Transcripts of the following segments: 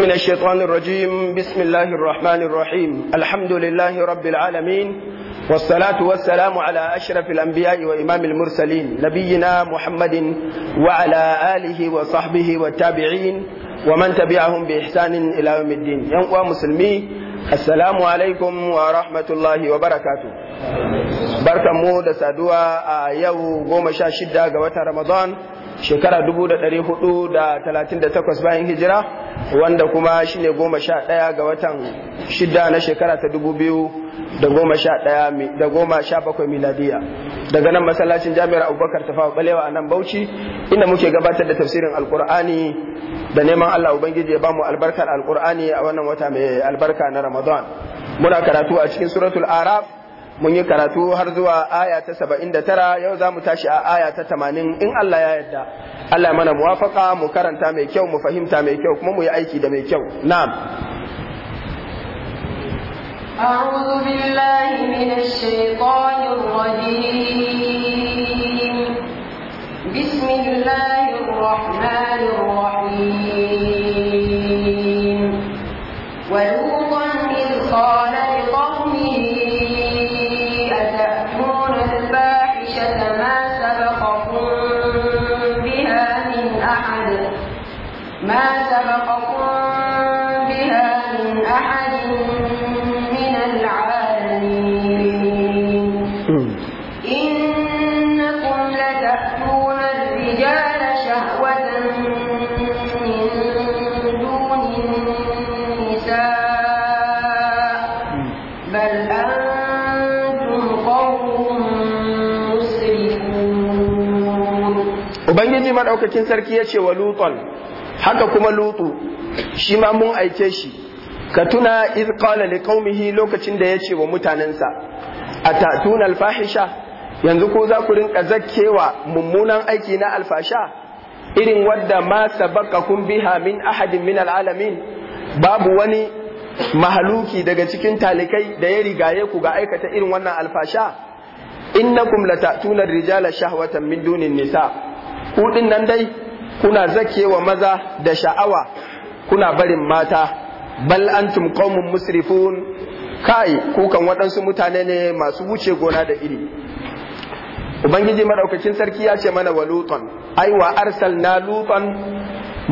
من الشيطان الرجيم بسم الله الرحمن الرحيم الحمد لله رب العالمين والصلاة والسلام على أشرف الأنبياء وإمام المرسلين نبينا محمد وعلى آله وصحبه والتابعين ومن تبعهم بإحسان إلى يوم الدين ينقوى مسلمي السلام عليكم ورحمة الله وبركاته بركة مودة سادوة يو قوم شاشدة رمضان shekara 438 bayan hijira wanda kuma shine goma sha ɗaya ga watan shida na shekara ta 2017 da sha bakwai miladiya daga nan masallacin jami'ar abubakar ta fawa balewa a nan bauchi inda muke gabatar da tafsirin alkur'ani da neman allah ubangiji ya bamu albarkar alkur'ani a wannan wata mai albarka na ramadan muna karatu a cikin suratul Arab. mun yi karatu har zuwa aya ta saba'in da tara yau za mu tashi a aya ta tamanin in Allah ya yarda Allah mana muwafaka mu karanta mai kyau mu fahimta mai kyau kuma mu yi aiki da mai kyau na'am أعوذ بالله من الشيطان الرجيم بسم madaukakin sarki ya ce wa luton haka kuma lutu shi ma mun aike shi ka tuna iz qala qaumihi lokacin da ya ce wa mutanensa tunar alfahisha yanzu ko za ku rinka zakkewa mummunan aiki na alfasha irin wadda ma kun biha min ahadin min alalamin babu wani mahaluki daga cikin talikai da ya rigaye ku ga aikata irin wannan alfasha innakum latatuna rijala shahwatan min dunin nisa' ku din nan dai kuna zakewa maza da sha'awa kuna barin mata bal antum qaumun musrifun kai kukan waɗansu mutane ne masu wuce gona da iri ubangiji madaukakin sarki ya ce mana wa luton ai wa arsalna luton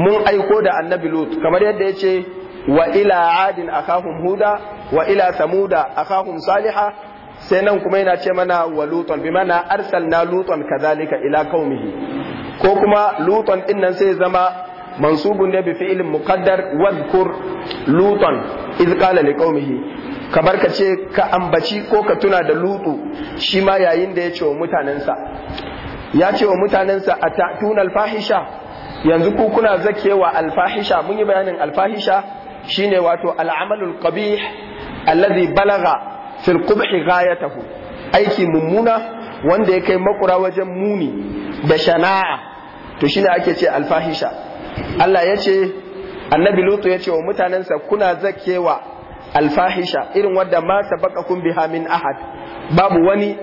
mun aiko da annabi lut kamar yadda ya ce wa ila adin akahum huda wa ila samuda akahum saliha sai nan kuma yana ce mana wa luton bi mana na luton kazalika ila qaumihi ko kuma luton din nan sai zama mansubun ne bi fi'ilin muqaddar wadhkur luton iz qala liqaumihi kamar ka ce ka ambaci ko ka tuna da lutu shi ma yayin da ya ce wa mutanensa ya ce wa mutanensa a ta'tuna alfahisha yanzu ku kuna zakewa alfahisha mun yi bayanin alfahisha shine wato al'amalul qabih alladhi balaga fil ya ghayatahu aiki mummuna wanda ya kai makura wajen muni da shana'a to shine ake ce alfahisha Allah ya ce annabi lutu ya ce wa mutanensa kuna zakewa alfahisha irin wadda ma kun biha min ahad babu wani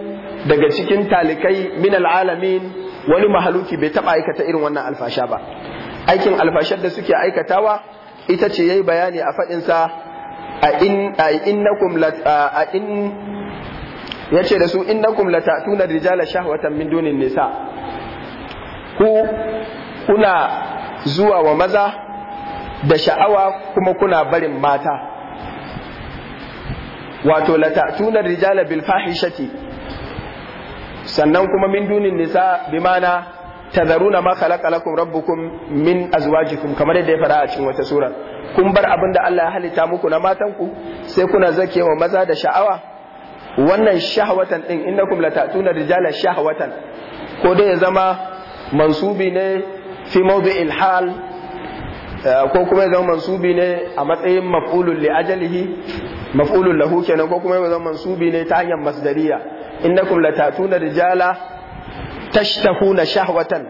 daga cikin talikai min alalamin wani mahaluki bai taba aikata irin wannan alfasha ba aikin alfashar da suke aikatawa ita ce yayi bayani a fadin sa a in na kumlata la a in yace da su innakum shahwatan min dunin nisa ku kuna zuwa wa maza da sha'awa kuma kuna barin mata wato latatuna rijala bil fahishati sannan kuma min dunin nisa mana tazaruna ma khalaqa lakum rabbukum min azwajikum kamar yadda ya fara a cikin wata sura kun bar abin da Allah ya halitta muku na matan ku sai kuna wa maza da sha'awa wannan shahwatan din innakum latatuna rijala shahwatan ko dai ya zama mansubi ne fi mawdi'il hal eh, ko kuma zan mansubi ne a matsayin maf'ulun li ajalihi maf'ulun lahu kenan ko kuma zan zama mansubi ne ta hanyar masdariya innakum latatuna rijala tashtahuna shahwatan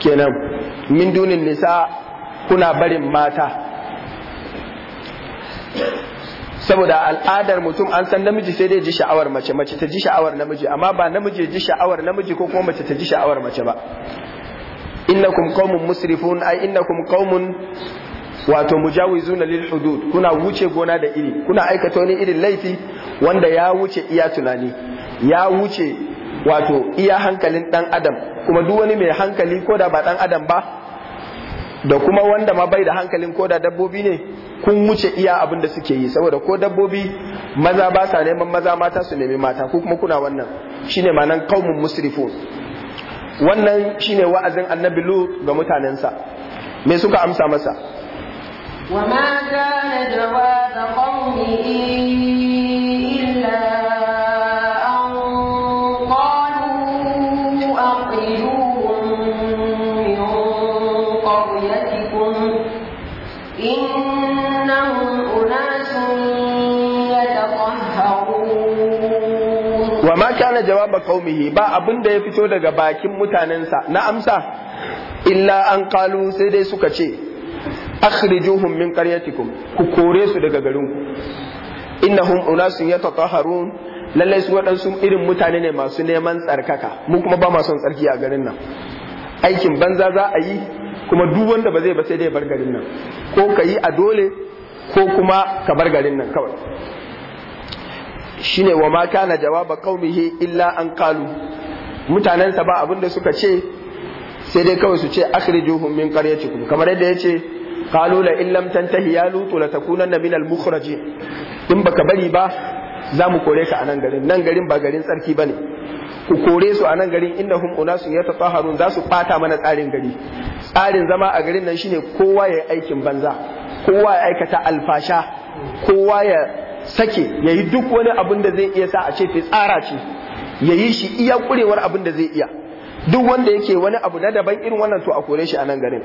kenan min dunin nisa kuna barin mata saboda al'adar mutum an san namiji sai dai ji sha'awar mace mace ta ji sha'awar namiji amma ba namiji ji sha'awar namiji ko kuma mace ta ji sha'awar mace ba innakum qaumun musrifun ai innakum qaumun wato mujawizuna lil hudud kuna wuce gona da iri kuna aikata wani irin laifi wanda ya wuce iya tunani ya wuce wato iya hankalin dan adam kuma duk wani mai hankali ko da ba dan adam ba da kuma wanda ma bai da hankalin ko da dabbobi ne kun wuce iya abin da suke yi saboda ko dabbobi maza ba sa neman maza mata su nemi mata ko kuma kuna wannan shine ma'anan kaumin musrifo wannan shine wa'azin annabi lu ga mutanensa me suka amsa masa wa ma kana jawaba qaumihi ba abin da ya fito daga bakin mutanensa na amsa illa an qalu sai dai suka ce akhrijuhum min qaryatikum ku kore su daga garin garinku innahum unasun yatataharun lallai su waɗansu irin mutane ne masu neman tsarkaka mu kuma ba masu tsarki a garin nan aikin banza za a yi kuma duk wanda ba zai ba sai dai bar garin nan ko ka yi a dole ko kuma ka bar garin nan kawai shine wa ma kana jawaba qaumihi illa an qalu mutanensa ba abinda suka ce sai dai kawai su ce akhrijuhum min qaryatikum kamar yadda yace qalu la in lam tantahi ya lutu la takunanna min al mukhrajin in baka bari ba za mu kore ka a nan garin nan garin ba garin tsarki ne ku kore su a nan garin su unasun yatataharun za su bata mana tsarin gari tsarin zama a garin nan shine kowa ya aikin banza kowa ya aikata alfasha kowa ya sake yayi duk wani abin da zai iya sa a ce fi tsara ce yayi shi iya kurewar abin da zai iya duk wanda yake wani abu na daban irin wannan to a kore shi a nan garin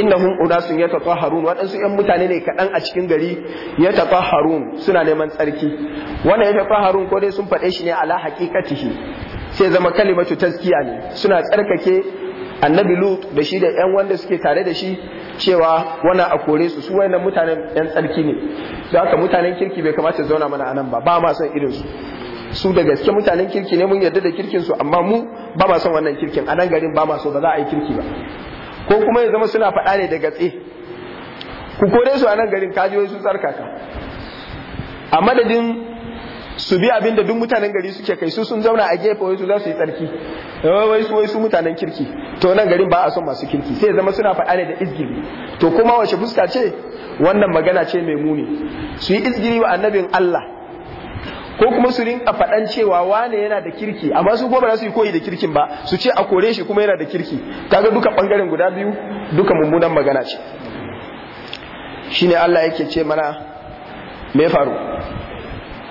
innahum unasun yatatahharun waɗansu ƴan mutane ne kaɗan a cikin gari yatatahharun suna neman tsarki wannan yatatahharun ko dai sun faɗe shi ne ala haqiqatihi sai zama kalimatu taskiya ne suna tsarkake annabi lut da shi da ƴan wanda suke tare da shi cewa wannan a kore su su wayannan mutanen yan tsarki ne da haka mutanen kirki bai kamata su zauna mana anan ba ba ma son irin su su da gaske mutanen kirki ne mun yarda da kirkin su amma mu ba ma son wannan kirkin anan garin ba ma so ba za a yi kirki ba ko kuma ya zama suna faɗa ne da gatse ku kore su anan garin kaji wai su tsarkaka a madadin su bi abin da duk mutanen gari suke kai su sun zauna a gefe wai su za su yi tsarki eh, wai su wai su mutanen kirki to nan garin ba a son masu kirki sai zama suna faɗa ne da izgiri to kuma wace fuska ce wannan magana ce mai muni su yi izgiri wa annabin Allah ko kuma su rinka faɗan cewa wane yana da kirki amma su ko ba za su yi koyi da kirkin ba su ce a kore shi kuma yana da kirki kaga duka bangaren guda biyu duka mummunan magana ce shine Allah yake ce mana me faru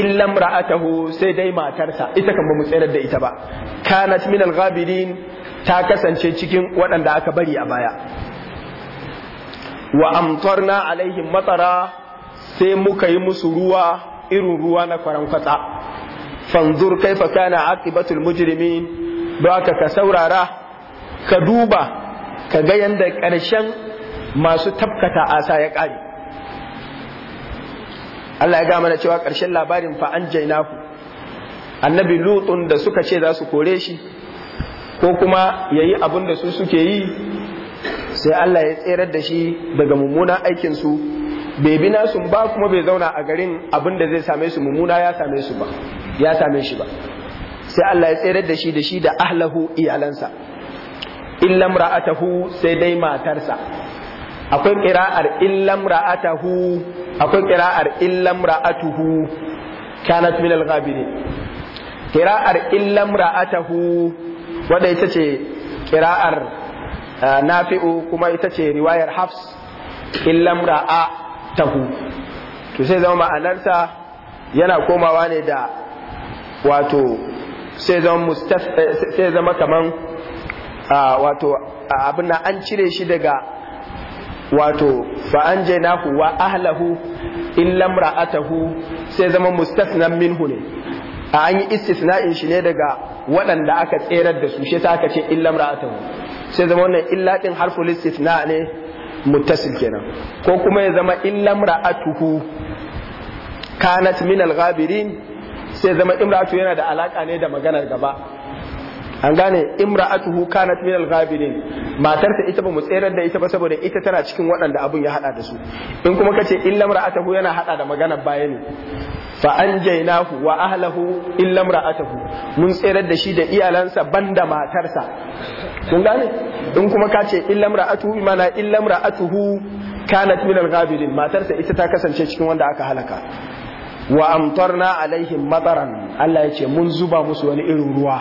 illa ra'atahu sai dai matarsa ita kan ba mu tsayar da ita ba kanat min al-ghabirin ta kasance cikin waɗanda aka bari a baya wa amtarna alaihim matara sai muka yi musu ruwa irin ruwa na kwarankwatsa fanzur kaifa kana aqibatul mujrimin baka ka saurara ka duba ka ga yanda ƙarshen masu tafkata asa ya ƙare Allah ya ga mana cewa ƙarshen labarin fa an ku. annabi lutun da suka ce za su kore shi ko kuma ya yi abin da su suke yi sai Allah ya tserar da shi daga mummunan aikinsu. su bai bi nasu ba kuma bai zauna a garin abin da zai same su mummuna ya same su ba ya same shi ba sai Allah ya tserar da shi da shi da ahlahu iyalansa illa sai dai matarsa akwai kira'ar illam ra'atahu akwai qira'ar illam ra'atuhu kanat min al-ghabirin qira'ar illam ra'atahu wanda ita ce qira'ar eh, nafi'u kuma ita ce riwayar hafs illam ra'atahu to sai zama ma'anarsa yana komawa ne da wato sai zama mustaf eh, sai zama kaman ah, wato ah, abin an cire shi daga wato fa an je anjaynahu wa ahlahu in lamra atahu sai zama mustasnan minhu ne a an yi istisna'in shi ne daga waɗanda aka tserar da su shi ta aka ce in lamra atahu. sai zama wannan illa din istisna ne muttasil kenan ko kuma ya zama lamra atuhu kanat min al-ghabirin sai zama imra'atu yana da alaka ne da maganar gaba an gane imra'atuhu kanat min al-ghabirin ta ita ba mu tsayar da ita ba saboda ita tana cikin waɗanda abun ya hada da su in kuma kace illa imra'atuhu yana hada da magana baya ne fa anjaynahu wa ahlahu illa imra'atuhu mun tsayar da shi da iyalansa banda matarsa kun gane in kuma kace illa imra'atuhu mana illa imra'atuhu kanat min al-ghabirin ta ita ta kasance cikin wanda aka halaka wa amtarna alaihim mataran Allah ya ce mun zuba musu wani irin ruwa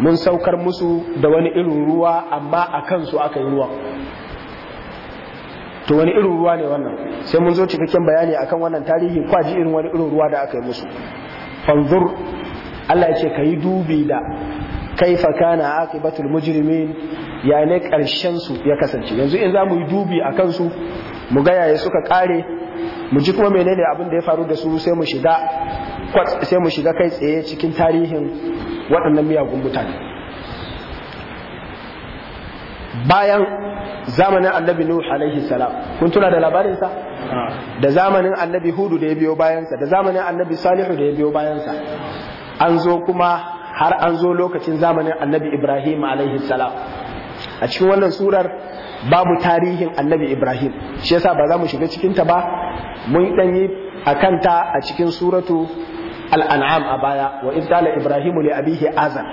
mun saukar musu da wani irin ruwa amma a kansu aka yi ruwa to wani irin ruwa ne wannan sai mun zo cikakken bayani akan wannan tarihi kwaji irin wani irin ruwa da aka yi musu fanzur Allah ya ce ka yi dubi da kaifa kana akibatul mujrimin ya ne karshen su ya kasance yanzu in za mu yi dubi a kansu mu ga yaya suka kare mu ji kuma menene abin da ya faru da su sai mu shiga sai mu shiga kai tsaye cikin tarihin waɗannan miyagun mutane bayan zamanin annabi nuh alaihi salam kun tuna da labarinsa da zamanin annabi hudu da ya biyo bayansa da zamanin annabi salihu da ya biyo bayansa an zo kuma har an zo lokacin zamanin annabi ibrahim alaihi salam a cikin wannan surar babu tarihin annabi ibrahim shi yasa ba za mu shiga cikinta ba mun ɗanyi a kanta a cikin suratu al'an'am a baya wa izgala ibrahimu ne abihi azan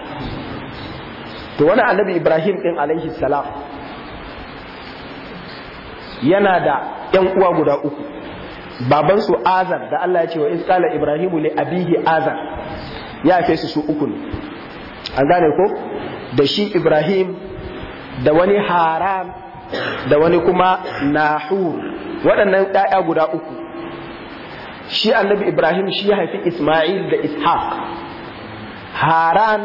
to wani annabi ibrahim ɗin alaihi salam yana da ‘yan uwa guda uku babansu azan da Allah ya ce wa izgala ibrahimu ne abihi azan ya fi su su uku ne an gane ko da shi ibrahim da wani haram da wani kuma nahur waɗannan ɗaya guda uku shi annabi ibrahim shi ya haifi isma'il da ishaq haran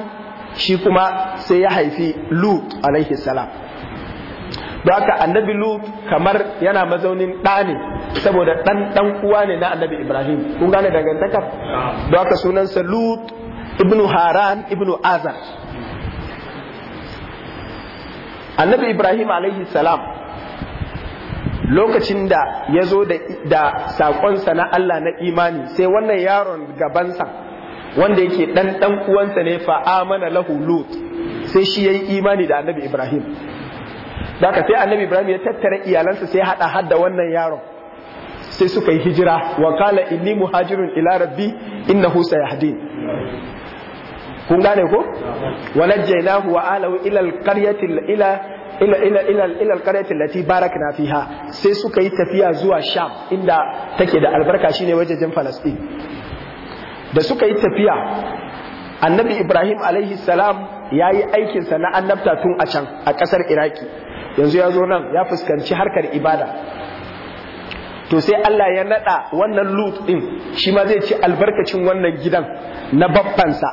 shi kuma sai ya haifi lut alaihi salam don haka annabi lut kamar yana mazaunin ɗa ne saboda ɗan ɗan uwa ne na annabi ibrahim kun gane dangantaka don haka sunansa lut ibnu haran ibnu azar annabi ibrahim alaihi salam lokacin da ya zo da saƙonsa na Allah na imani sai wannan yaron gabansa wanda yake ɗan ɗan uwansa ne fa'amana lahu lut sai shi ya yi imani da annabi ibrahim daga sai annabi ibrahim ya tattara iyalansa sai haɗa hadda wannan yaron sai suka yi hijira wa kala inni muhajirun ila rabbi ya hadin. kun gane ko wa najjaynahu wa alahu ila alqaryati ila ila ila ila ila alqaryati allati barakna fiha sai suka yi tafiya zuwa sham inda take da albarka shine wajejen falastin da suka yi tafiya annabi ibrahim alaihi salam ya yi aikinsa na annabta tun a can a ƙasar iraki yanzu ya zo nan ya fuskanci harkar ibada to sai allah ya naɗa wannan lut ɗin shi ma zai ci albarkacin wannan gidan na baffansa.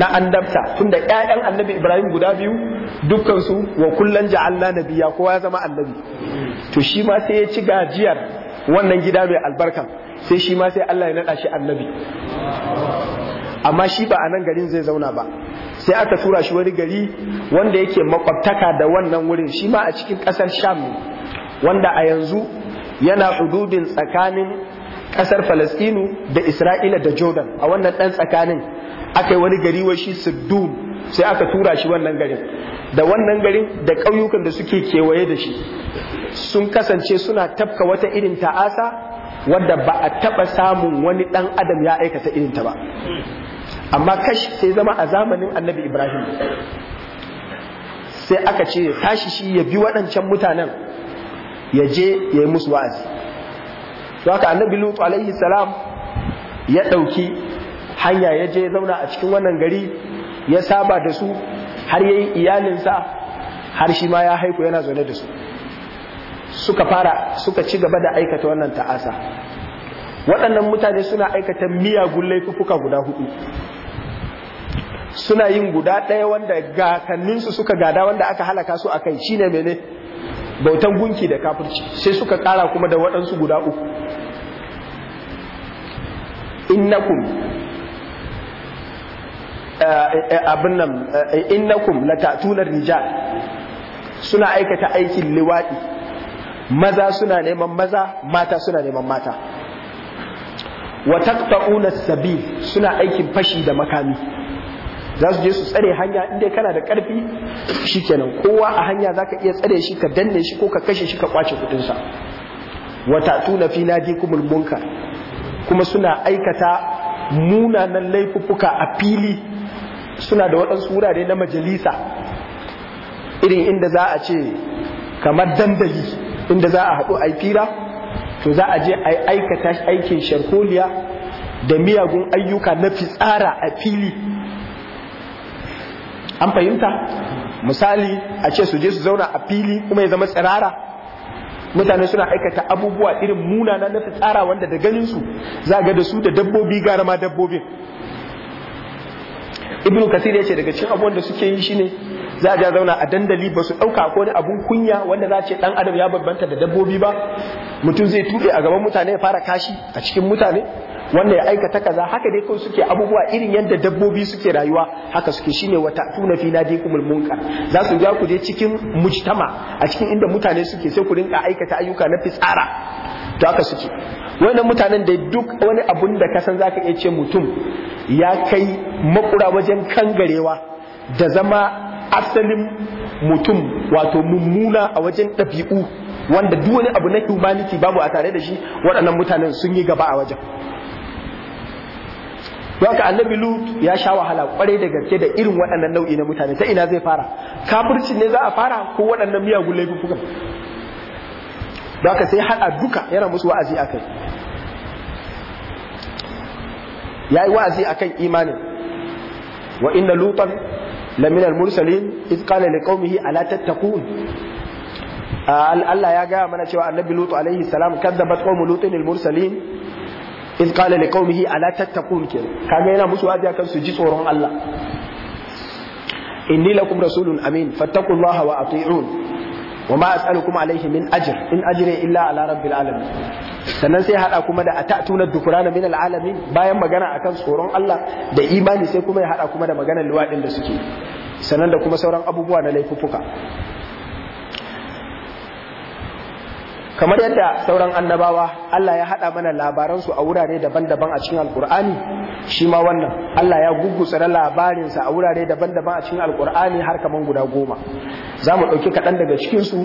na annabta tunda ƴaƴan annabi Ibrahim guda biyu dukkan su wa kullan ja'alna nabiyya kowa ya zama annabi to shi ma sai ya ci gajiyar wannan gida mai albarka sai shi ma sai Allah ya nada shi annabi amma shi ba a nan garin zai zauna ba sai aka tura shi wani gari wanda yake makwabtaka da wannan wurin shi ma a cikin ƙasar Sham wanda a yanzu yana hududin tsakanin ƙasar Falastinu da Isra'ila da Jordan a wannan ɗan tsakanin aka yi wani gari washi shi sai aka tura shi wannan garin da wannan garin da ƙauyukan da suke kewaye da shi sun kasance suna tafka wata irin ta'asa wadda ba a taɓa samun wani ɗan adam ya aikata irinta ba amma kashi sai zama a zamanin annabi ibrahim sai aka ce tashi shi ya bi waɗancan mutanen ya je ya yi musu wa'azi to haka annabi lutu alaihi salam ya ɗauki hanya ya je zauna a cikin wannan gari ya saba da su har yayi iyalinsa har shi ma ya haiku yana zaune da su suka fara suka ci gaba da aikata wannan ta'asa waɗannan mutane suna aikata miyagun laifuka guda hudu suna yin guda ɗaya wanda gakanninsu suka gada wanda aka halaka su a kai shine mene bautan gunki da kafirci sai suka kara kuma da waɗansu guda uku innakum Eh, abin nan eh, innakum latatunar rijal suna aikata aikin liwadi maza suna neman maza mata suna neman mata wa taqta'una sabil suna aikin fashi da makami za su je su tsare hanya inda kana da karfi shikenan kowa a hanya zaka iya tsare shi ka danne shi ko ka kashe shi ka kwace kudin sa wa ta'tuna fi nadikumul munkar kuma suna aikata munanan laifuffuka a fili suna da waɗansu wurare na majalisa irin inda za a ce kamar dandali inda za a haɗu a fira to za a je a aikata aikin sharholiya da miyagun ayyuka na fitsara a fili an fahimta misali a ce su je su zauna a fili kuma ya zama tsirara mutane suna aikata abubuwa irin munana na fitsara wanda da ganinsu za a ga da su da dabbobi gara ma dabbobin ibn kasir ya ce daga cikin abubuwan da suke yi shine za a zauna a dandali ba su ɗauka ko wani abun kunya wanda za a ce ɗan adam ya bambanta da dabbobi ba mutum zai tuɗe a gaban mutane ya fara kashi a cikin mutane wanda ya aikata kaza haka dai kawai suke abubuwa irin yadda dabbobi suke rayuwa haka suke shine wata tuna fi nadikumul mulmunka za su ja ku je cikin mujtama a cikin inda mutane suke sai ku rinka aikata ayyuka na fitsara to haka suke wannan mutanen da duk wani abun da ka san zaka iya ce mutum ya kai makura wajen kangarewa da zama asalin mutum wato mummuna a wajen ɗabi'u wanda duk wani abu na humanity babu a tare da shi waɗannan mutanen sun yi gaba a wajen don ka annabi lut ya sha wahala kwarai da gaske da irin waɗannan nau'i na mutane ta ina zai fara kafirci ne za a fara ko waɗannan miyagun laifukan don ka sai haɗa duka yana musu wa'azi akai ya yi wa'azi akan imanin wa inna lutan lamin mursalin iz qala liqaumihi ala Allah ya gaya mana cewa annabi lutu alaihi salam kadzabat qaumu lutin al-mursalin iz qala liqaumihi ala tattaqun kaga yana musu wa'azi akan su ji tsoron Allah inni lakum rasulun amin fattaqullaha wa ati'un wa ma as'alukum alayhi min ajr in illa ala rabbil sannan sai hada kuma da atatuna dukurana min alamin bayan magana akan tsoron Allah da imani sai kuma ya haɗa kuma da maganar luwaɗin da suke sannan da kuma sauran abubuwa na laifuka kamar yadda sauran annabawa Allah ya haɗa mana labaransu a wurare daban-daban a cikin alkur'ani shi ma wannan Allah ya guggusa na labarinsa a wurare daban-daban a cikin alkur'ani har kaman guda goma za mu ɗauki kaɗan daga cikinsu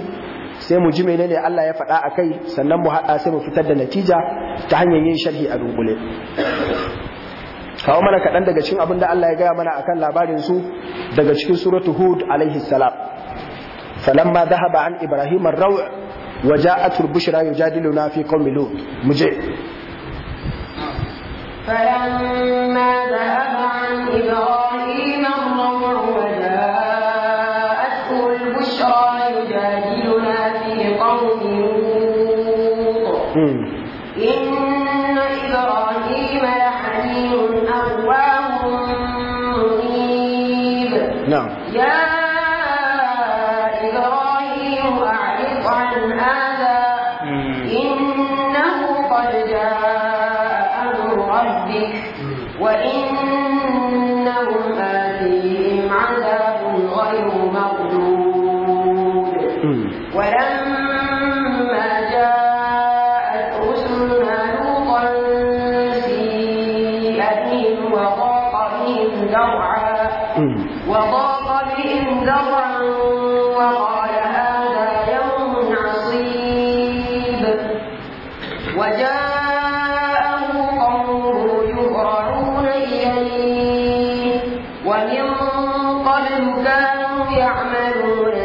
sai mu ji menene Allah ya faɗa a kai sannan mu haɗa sai mu fitar da natija ta hanyar yin sharhi a dunkule kawo mana kaɗan daga cikin abin da Allah ya gaya mana akan labarin su daga cikin suratu hud alaihi salam falamma dhahaba an ibrahim ar-raw wa ja'at al-bushra fi qaumi muje كانوا يعملون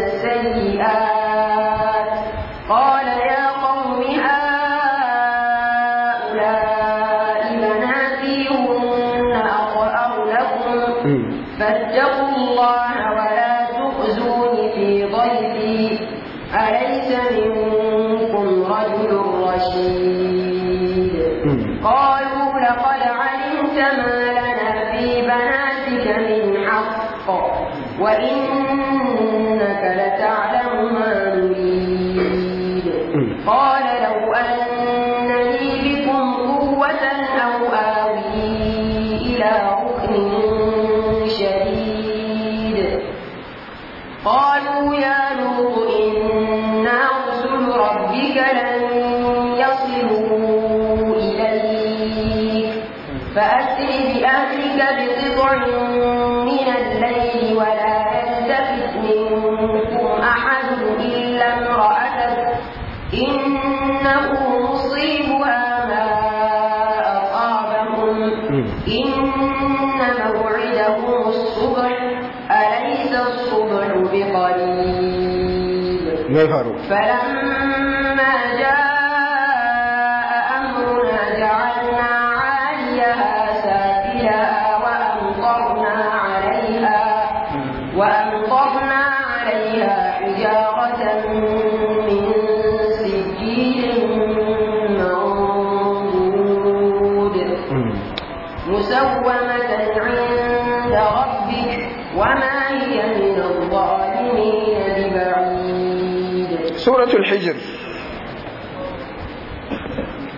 إن موعدهم الصبح أليس الصبح بقريب suratul hijr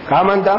ka manta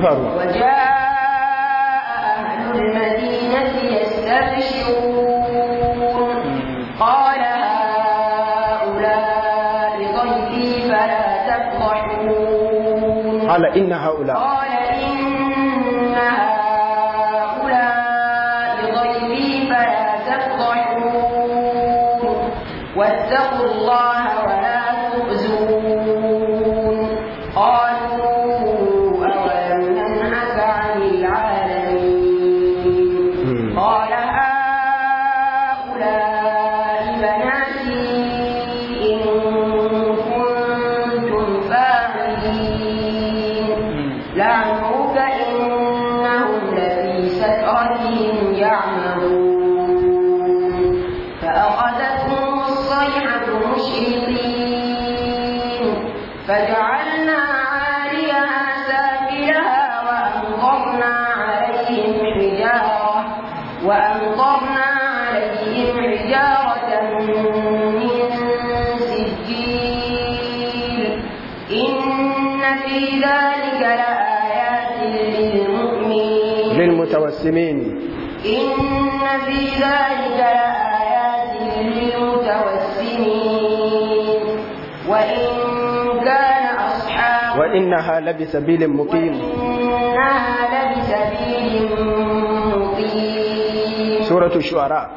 كفروا وجاء أهل المدينة يستبشرون قال هؤلاء ضيفي فلا تفضحون قال إن هؤلاء قال المتوسمين إن في ذلك لآيات للمتوسمين وإن كان أصحاب وإنها لبسبيل مقيم وإنها لبسبيل مقيم سورة الشعراء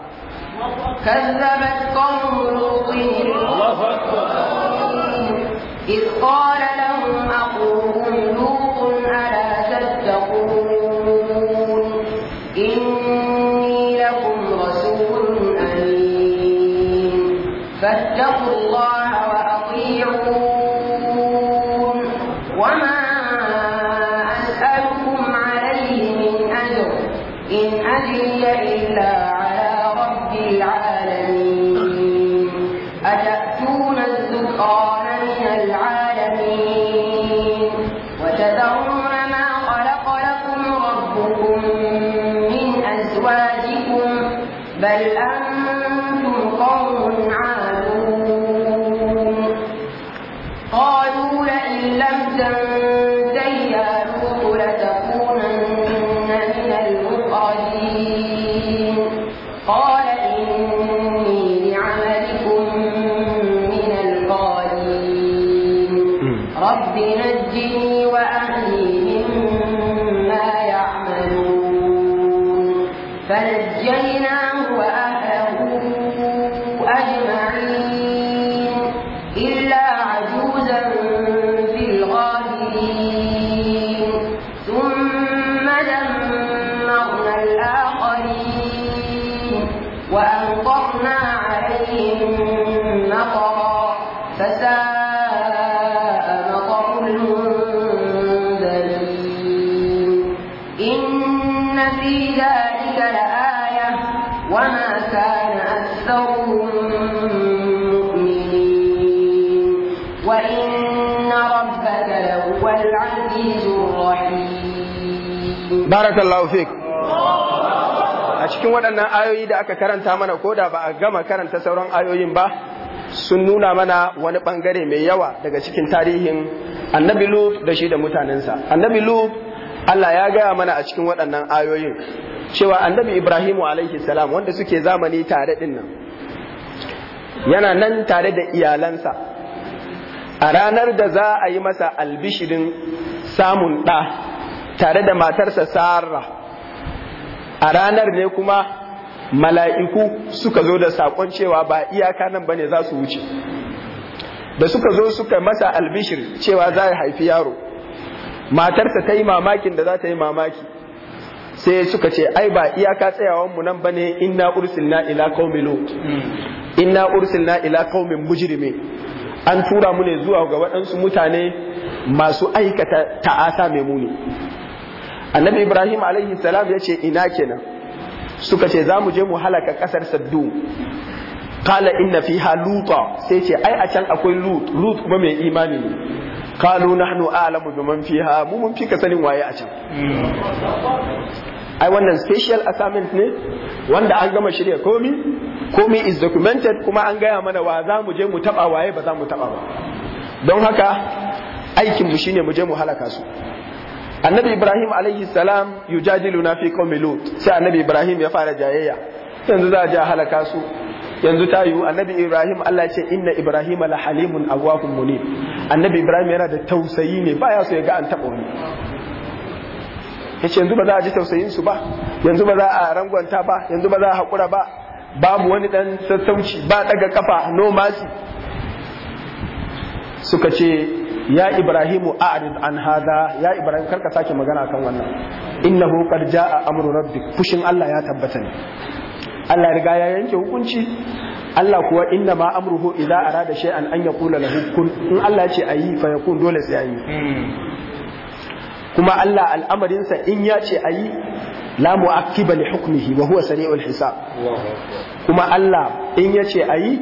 كذبت قوم لوط الله أكبر إذ قال فاتقوا الله وأطيعون barakallahu fik a cikin waɗannan ayoyi da aka karanta mana ko da ba a gama karanta sauran ayoyin ba sun nuna mana wani bangare mai yawa daga cikin tarihin annabi lut da shi da mutanensa annabi lut Allah ya gaya mana a cikin waɗannan ayoyin cewa annabi Ibrahimu alaihi salam wanda suke zamani tare din nan yana nan tare da iyalansa a ranar da za a yi masa albishirin samun ɗa tare da matarsa Sara a ranar ne kuma mala'iku suka zo da saƙon cewa ba iyaka nan ba ne za su wuce da suka zo suka masa albishir cewa za a haifi yaro matarsa ta yi mamakin da za ta yi mamaki sai suka ce ai ba iyaka tsayawanmu nan ba ne inna ursilna ila qaumi ina inna ila qaumin mujrimi an tura mu ne zuwa ga waɗansu mutane masu aikata ta'asa mai muni annabi ibrahim alaihi salam ya ce ina kenan suka ce za mu je mu halaka kasar saddu kala inna fiha luta sai ce ai a can akwai lut lut kuma mai imani ne qalu nahnu a'lamu biman fiha mu mun fika sanin waye a can ai wannan special assignment ne wanda an gama shirya komi komi is documented kuma an gaya mana wa za mu je mu taba waye ba za mu taba ba don haka aikin mu shine mu je mu halaka su annabi ibrahim alaihi salam yujadiluna fi qaumi lut sai annabi ibrahim ya fara jayayya yanzu za a ji halaka su yanzu ta yiwu annabi ibrahim allah ce inna ibrahim la halimun awwahum munib annabi ibrahim yana da tausayi ne baya so ya ga an taɓa wani yanzu ba za a ji tausayin su ba yanzu ba za a rangwanta ba yanzu ba za a haƙura ba babu wani ɗan sassauci ba ɗaga kafa no suka ce ya ibrahimu a'rid an hada ya ibrahim karka sake magana kan wannan innahu qad jaa amru rabbik fushin Allah ya tabbata ne Allah ya riga ya yanke hukunci Allah kuwa inna ma amruhu idza arada shay'an an yaqula lahu kun in Allah ce ayi fa yakun dole sai ayi kuma Allah al'amarin sa in ya ce ayi la mu'aqqiba li hukmihi wa huwa sari'ul hisab kuma Allah in ya ce ayi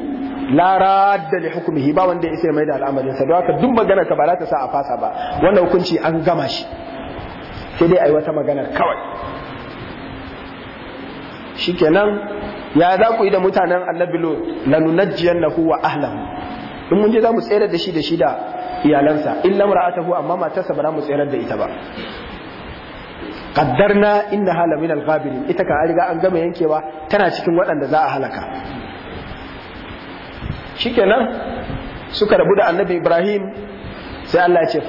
la radda li hukmihi ba wanda ya isa mai da al'amarin sa haka duk magana ka ba za ta sa a fasa ba wannan hukunci an gama shi sai dai ai wata magana kawai shikenan ya za ku yi da mutanen annabi lo na wa Ahlam? in mun je za mu tsere da shi da shi da iyalansa illa mar'atahu amma matarsa ba za mu tsere da ita ba qaddarna innaha min al ita ka an riga an gama yankewa tana cikin waɗanda za a halaka shikenan suka rabu da annabi ibrahim sai Allah ya ce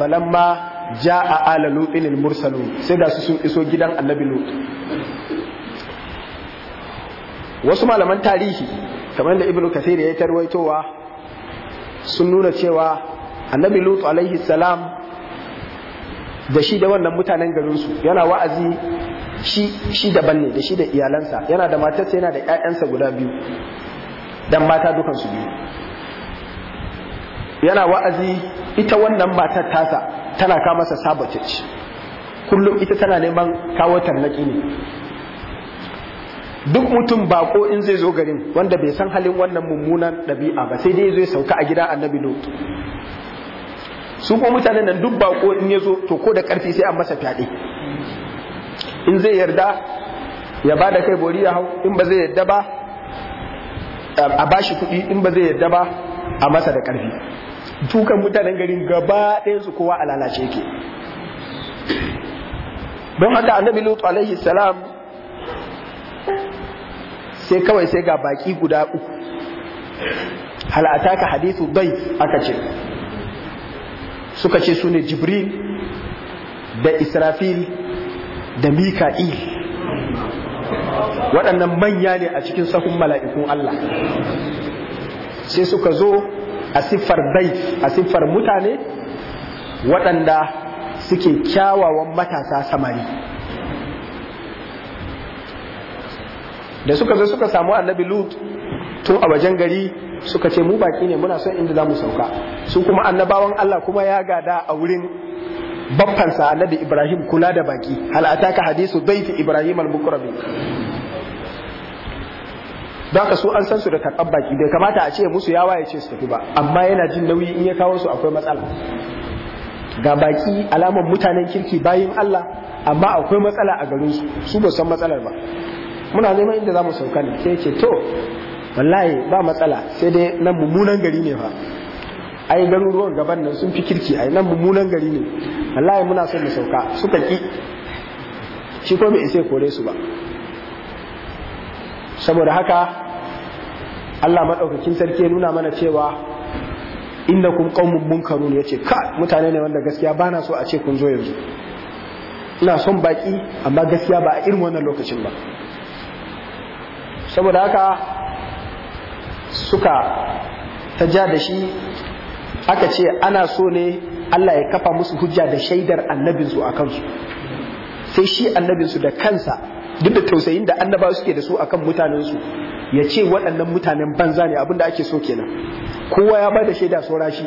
ja a ala lutin mursalun sai da su sun iso gidan annabi lu wasu malaman tarihi kamar da ibnu kasir ya tarwaitowa sun nuna cewa annabi lut alaihi salam da shi da wannan mutanen garinsu yana wa'azi shi shi daban ne da shi da iyalansa yana da matarsa yana da 'ya'yansa guda biyu dan mata dukansu biyu yana wa'azi ita wannan matar tasa tana kawo masa sabotage kullum ita tana neman kawo tarnaki ne duk mutum bako in zai zo garin wanda bai san halin wannan mummunan ɗabi'a ba sai dai zai sauka a gida annabi lot su ko mutanen nan duk bako in ya zo to ko da ƙarfi sai an masa fyaɗe in zai yarda ya ba da kai bori ya hau in ba zai yarda ba a bashi kuɗi in ba zai yarda ba a masa da ƙarfi dukan mutanen garin gaba ɗayansu su kowa a lalace ke don haka annabi lutu alaihi salam sai kawai sai ga baki guda uku hal ka hadithu dai aka ce suka ce su ne jibril da israfil da mika'il waɗannan manya ne a cikin sahun mala'ikun Allah sai suka zo a siffar daif a siffar mutane waɗanda suke kyawawan matasa samari da suka zo suka samu annabi lut tun a wajen gari suka ce mu baƙi ne muna son inda za mu sauka su kuma annabawan Allah kuma ya gada a wurin baffansa annabi Ibrahim kula da baki hal ataka hadisu baiti Ibrahim al bukurabi Ba ka so an san su da karɓar baki bai kamata a ce musu ya waye ce su tafi ba amma yana jin nauyi in ya kawo su akwai matsala ga baki alamar mutanen kirki bayin Allah amma akwai matsala a garin su su ba san matsalar ba muna neman inda zamu sauka ne sai ce to wallahi ba matsala sai dai nan mummunan gari ne fa ai garuruwan gaban nan sun fi kirki ai nan mummunan gari ne wallahi muna son mu sauka suka ki shi ko bai isa kore su ba saboda haka Allah madaukakin sarki nuna mana cewa inda innakum qaumun munkarun yace ka mutane ne wanda gaskiya ba na so a ce kun zo yanzu ina son baƙi amma gaskiya ba a irin wannan lokacin ba saboda haka suka ta ja da shi aka ce ana so ne Allah ya kafa musu hujja da shaidar annabinsu a kansu sai shi annabinsu da kansa duk da tausayin da annabawa suke da su akan mutanensu ya ce waɗannan mutanen banza ne abinda ake so kenan kowa ya bada shaida saura shi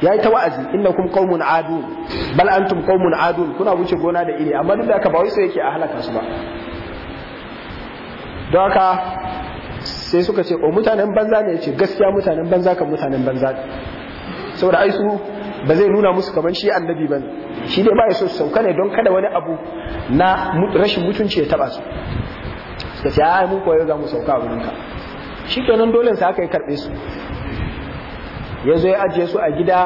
ya yi ta wa'azi inda kuma qaumun adun bal'antun antum adun kuna wuce gona da iri amma duk da aka ba yake a halaka su ba don haka sai suka ce o mutanen banza ne ce gaskiya mutanen banza kan mutanen banza Sau ai su ba zai nuna musu kamar shi annabi ba shi dai ba ya so sauka ne don kada wani abu na rashin mutunci ya taba su suka ce ai mun koyo za mu sauka a wurinka nan dole sa aka yi karbe su ya zo ya ajiye su a gida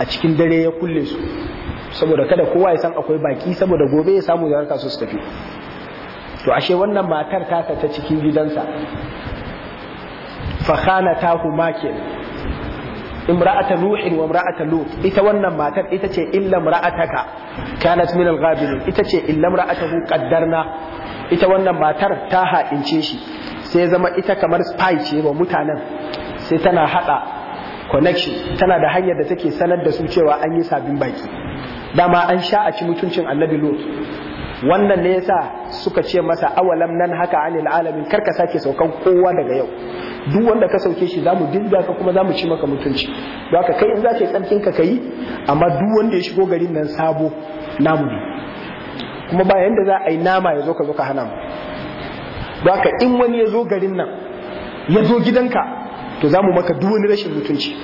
a cikin dare ya kulle su saboda kada kowa ya san akwai baki saboda gobe ya samu yarka su su tafi to ashe wannan matar ta ta cikin gidansa fa khanatahu makin imra'ata ruhin wa imra'ata lut ita wannan matar ita ce illa imra'ataka kanat min al ita ce illa imra'atahu qaddarna ita wannan matar ta haɗince shi sai zama ita kamar spy ce wa mutanen sai tana haɗa connection tana da hanyar da take sanar da su cewa an yi sabin baki dama an sha a ci mutuncin annabi lot wannan ne yasa suka ce masa awalam nan haka anil alamin kar ka sake saukan kowa daga yau duk wanda ka sauke shi zamu dinga ka kuma zamu ci maka mutunci don haka kai in za ka yi tsarkin ka kai amma duk wanda ya shigo garin nan sabo namu ne kuma ba yanda za a yi nama ya zo ka zo ka hana mu don haka in wani ya zo garin nan ya zo gidanka to za mu maka duk wani rashin mutunci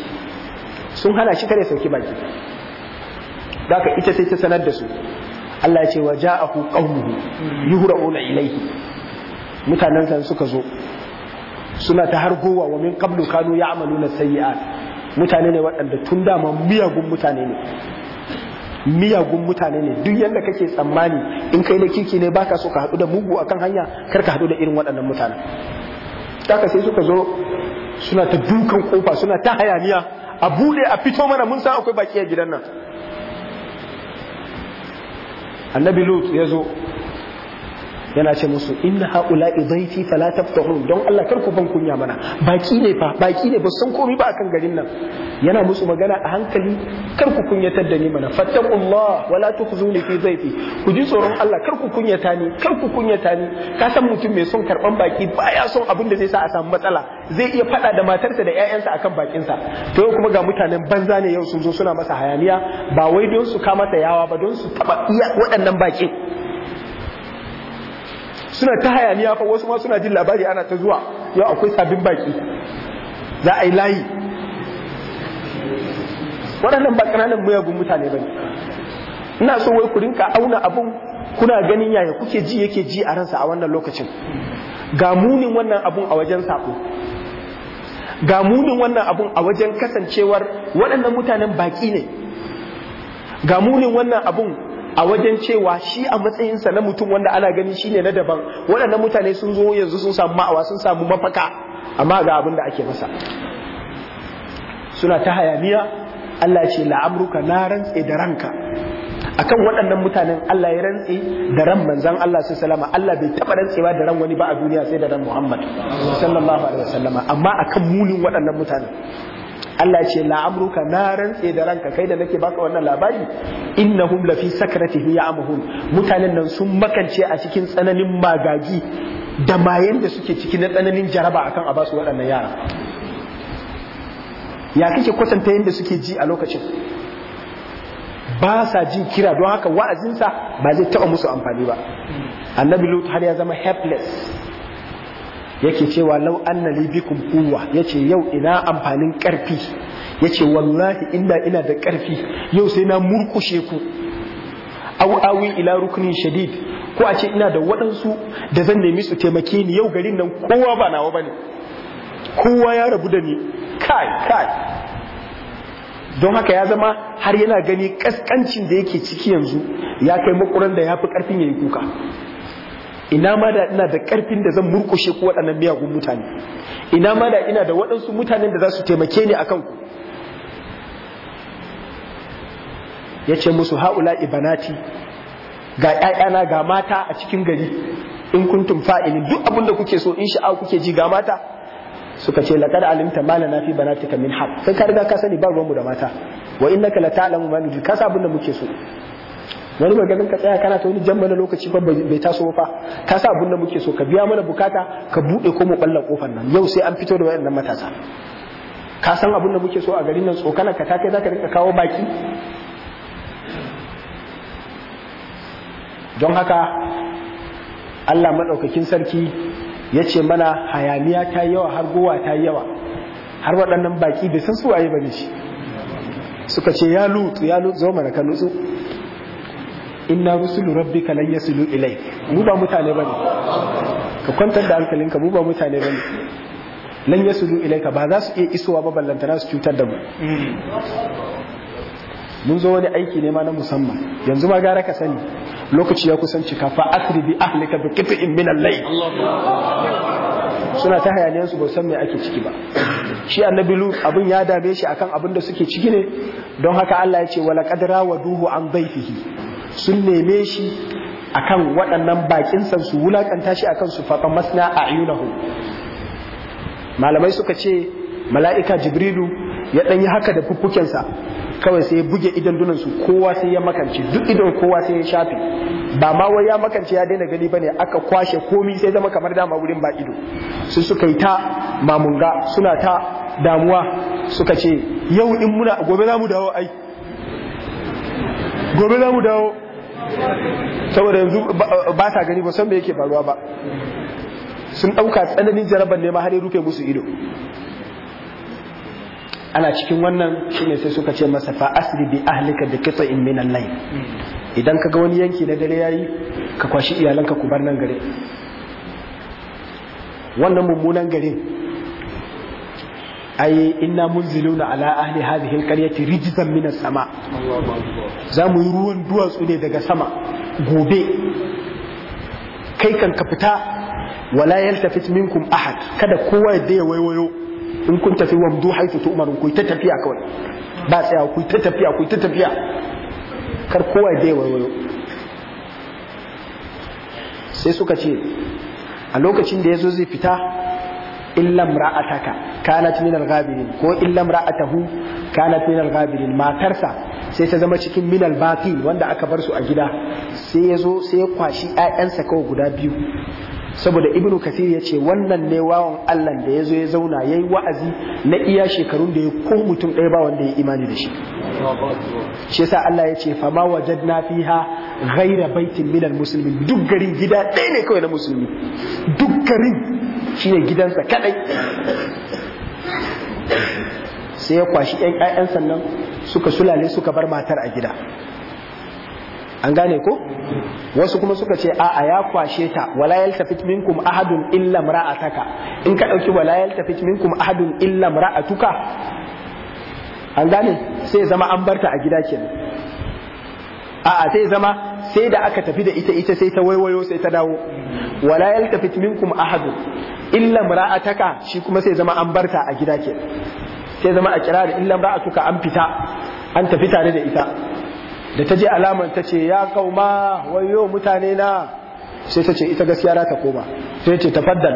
sun hana shi kare sauki baki da haka ita sai ta sanar da su Allah ya ce wa ja a yi hura ola ilaihi mutanen sa suka zo suna ta har gowa wa min ya kanu na sayi'a mutane ne waɗanda tun dama miyagun mutane ne miyagun mutane ne duk yadda kake tsammani in kai na kirki ne baka so ka haɗu da mugu akan hanya karka ka haɗu da irin waɗannan mutane taka sai suka zo suna ta dukan kofa suna ta hayaniya a buɗe a fito mana mun san akwai baƙi a gidan nan annabi lut ya zo yana ce musu inna haula idaifi fala taftahu don Allah kar ku ban kunya mana baki ne fa baki ne ba san komai ba akan garin nan yana musu magana a hankali kar ku kunyatar da ni mana fattaqullah wala tukhzuni fi dhaifi ku ji tsoron Allah kar ku kunyata ni kar ku kunyata ni ka san mutum mai son karban baki baya son abin da zai sa a samu matsala zai iya fada da matarsa da ƴaƴansa akan bakinsa to kuma ga mutanen banza ne yau sun zo suna masa hayaniya ba wai don su kama yawa ba don su taba iya waɗannan baki suna ta hayaniya fa wasu ma suna jin labari ana ta zuwa yau akwai sabbin baki za a yi layi waɗannan ba ƙananan muyagun mutane ba ina so wai ku rinka auna abun kuna ganin yaya kuke ji yake ji a ransa a wannan lokacin ga munin wannan abun a wajen sako ga munin wannan abun a wajen kasancewar waɗannan mutanen baki ne ga munin wannan abun a wajen cewa shi a matsayinsa na mutum wanda ana gani shi ne na daban waɗannan mutane sun zo yanzu sun samu ma'awa sun samu mafaka amma ga abin da ake masa suna ta hayaniya Allah ce la'amruka na rantse da ranka akan waɗannan mutanen Allah ya rantse da ran manzan Allah su salama Allah bai taɓa rantsewa da ran wani ba a duniya sai da ran Muhammad sallallahu alaihi wasallama amma akan munin waɗannan mutanen Allah ce la'amruka na rantse da ranka kai da nake baka wannan labari innahum lafi sakratihim ya'mahun mutanen nan sun makance a cikin tsananin magagi da mayen da suke ciki na tsananin jaraba akan a basu waɗannan yara ya kake kwatanta yadda suke ji a lokacin ba sa jin kira don haka wa'azinsa ba zai taɓa musu amfani ba annabi lut har ya zama helpless yake cewa lau anna li bikum yace yau ina amfanin karfi yace wallahi inda ina da karfi yau sai na murkushe ku Au awi ila rukunin shadid ko a ce ina da waɗansu da zan nemi su taimake ni yau garin nan kowa ba nawa bane kowa ya rabu da ni kai kai don haka ya zama har yana gani kaskancin da yake ciki yanzu ya kai makuran da ya fi karfin ya yi kuka ina ma da ina da karfin da zan murkushe ku waɗannan miyagun mutane ina ma da ina da waɗansu mutanen da za su taimake ni akan ku ya ce musu haula ibanati ga ‘ya'yana ga mata a cikin gari in kuntum fa'ilin duk abin da kuke so in sha'awa kuke ji ga mata suka ce laqad alimta ma lana fi banatika min haq sai ka riga ka sani ba ruwanmu da mata wa innaka la ta'lamu ma nuji ka abin da muke so wani maganin ka tsaya kana ta wani jan mana lokaci ba bai taso fa ka sa abun da muke so ka biya mana bukata ka bude ko mu kallon kofar nan yau sai an fito da wayannan matasa ka san abun da muke so a garin nan tsokana ka ta kai zaka rinka kawo baki don haka Allah madaukakin sarki ya ce mana hayaniya ta yawa har gowa ta yawa har waɗannan baki da san su waye bane shi suka ce ya lutu ya lutu zo mana ka nutsu inna rusulu rabbika lan yasilu ilayk mu ba mutane bane ka kwantar da hankalinka mu ba mutane bane lan yasilu ilayka ba za su iya isowa ba za su cutar da mu mun zo wani aiki ne ma na musamman yanzu ma gara ka sani lokaci ya kusan cika fa asri bi ahlika bi qit'in min al-layl suna ta hayaniyar su ba san me ake ciki ba shi annabi lu abin ya dame shi akan abin da suke ciki ne don haka Allah ya ce wala qadra wa duhu an dhaifihi sun neme shi akan waɗannan baƙinsa su wulaƙanta shi akan su faɗa masna a ayyunahu malamai suka ce mala'ika jibrilu ya ɗan yi haka da fukukensa kawai sai ya buge idan dunansu kowa sai ya makance duk idan kowa sai ya shafe ba ma wai ya makance ya daina gani ba ne aka kwashe komi sai zama kamar dama wurin ba ido su suka yi ta mamunga suna ta damuwa suka ce yau in muna gobe za mu dawo ai gobe za mu dawo saboda yanzu ba ta gani ba san me yake faruwa ba sun ɗauka tsananin jarabar nema har ya rufe musu ido ana cikin wannan shine sai suka ce masa fa bi ahlika da qita'in in al-layl idan kaga wani yanki na dare yayi ka kwashi iyalanka ku bar nan gare wannan mummunan garin ai inna munziluna ala ahli hadhihi alqaryati rijzan min as-sama za mu yi ruwan duwatsu ne daga sama gobe kai kan ka fita wala yaltafit minkum ahad kada kowa ya dai waiwayo in kun tafi wamdu haitu tu'maru ku ta tafiya kawai ba tsaya ku ta tafiya ku ta tafiya kar kowa ya dai waiwayo sai suka ce a lokacin da yazo zai fita illa ra'ataka kanat min al-ghabirin ko illa ra'atahu kanat min al-ghabirin matarsa sai ta zama cikin min al-baqi wanda aka bar su a gida sai yazo sai ya kwashi ƴaƴansa kawai guda biyu saboda ibnu kasir ya ce wannan ne wawan Allah da ya zo ya zauna ya yi wa'azi na iya shekarun da ya ko mutum ɗaya ba wanda ya imani da shi shi yasa Allah ya ce fama wajadna fiha ghaira baitin minal musulmi duk garin gida ɗaya ne kawai na musulmi duk garin shine gidansa kadai sai ya kwashi yan ƴaƴan sannan suka sulale suka bar matar a gida an gane ko wasu kuma suka ce a'a ya kwashe ta wala tafi minkum ahadun illa taka in ka ɗauki wala tafi minkum ahadun illa tuka. an gane sai zama an barta a gida kenan a'a sai zama sai da aka tafi da ita ita sai ta waiwayo sai ta dawo wala yaltafit minkum ahadu illa mara'ataka shi kuma sai zama an barta a gida ke sai zama a kira da illa mara'atuka an fita an tafi tare da ita da ta je alaman ta ce ya kauma wayo mutane na sai ta ce ita gaskiya za ta koma sai ce tafaddal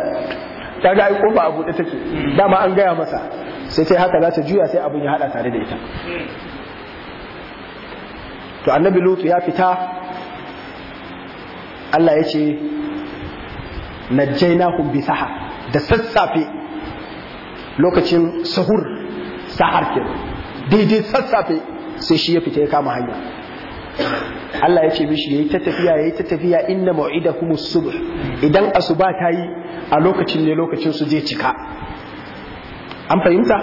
ta ga kofa a buɗe take dama an gaya masa sai sai haka za ta juya sai abun ya hada tare da ita to annabi lutu ya fita Allah ya ce na najjainahum bi saha da sassafe lokacin sahur sahar ke daidai sassafe sai shi ya fita ya kama hanya Allah ya ce mishi yi ta tafiya yi ta tafiya inna mau'idakum idan asuba ta yi a lokacin ne lokacin su je cika an fahimta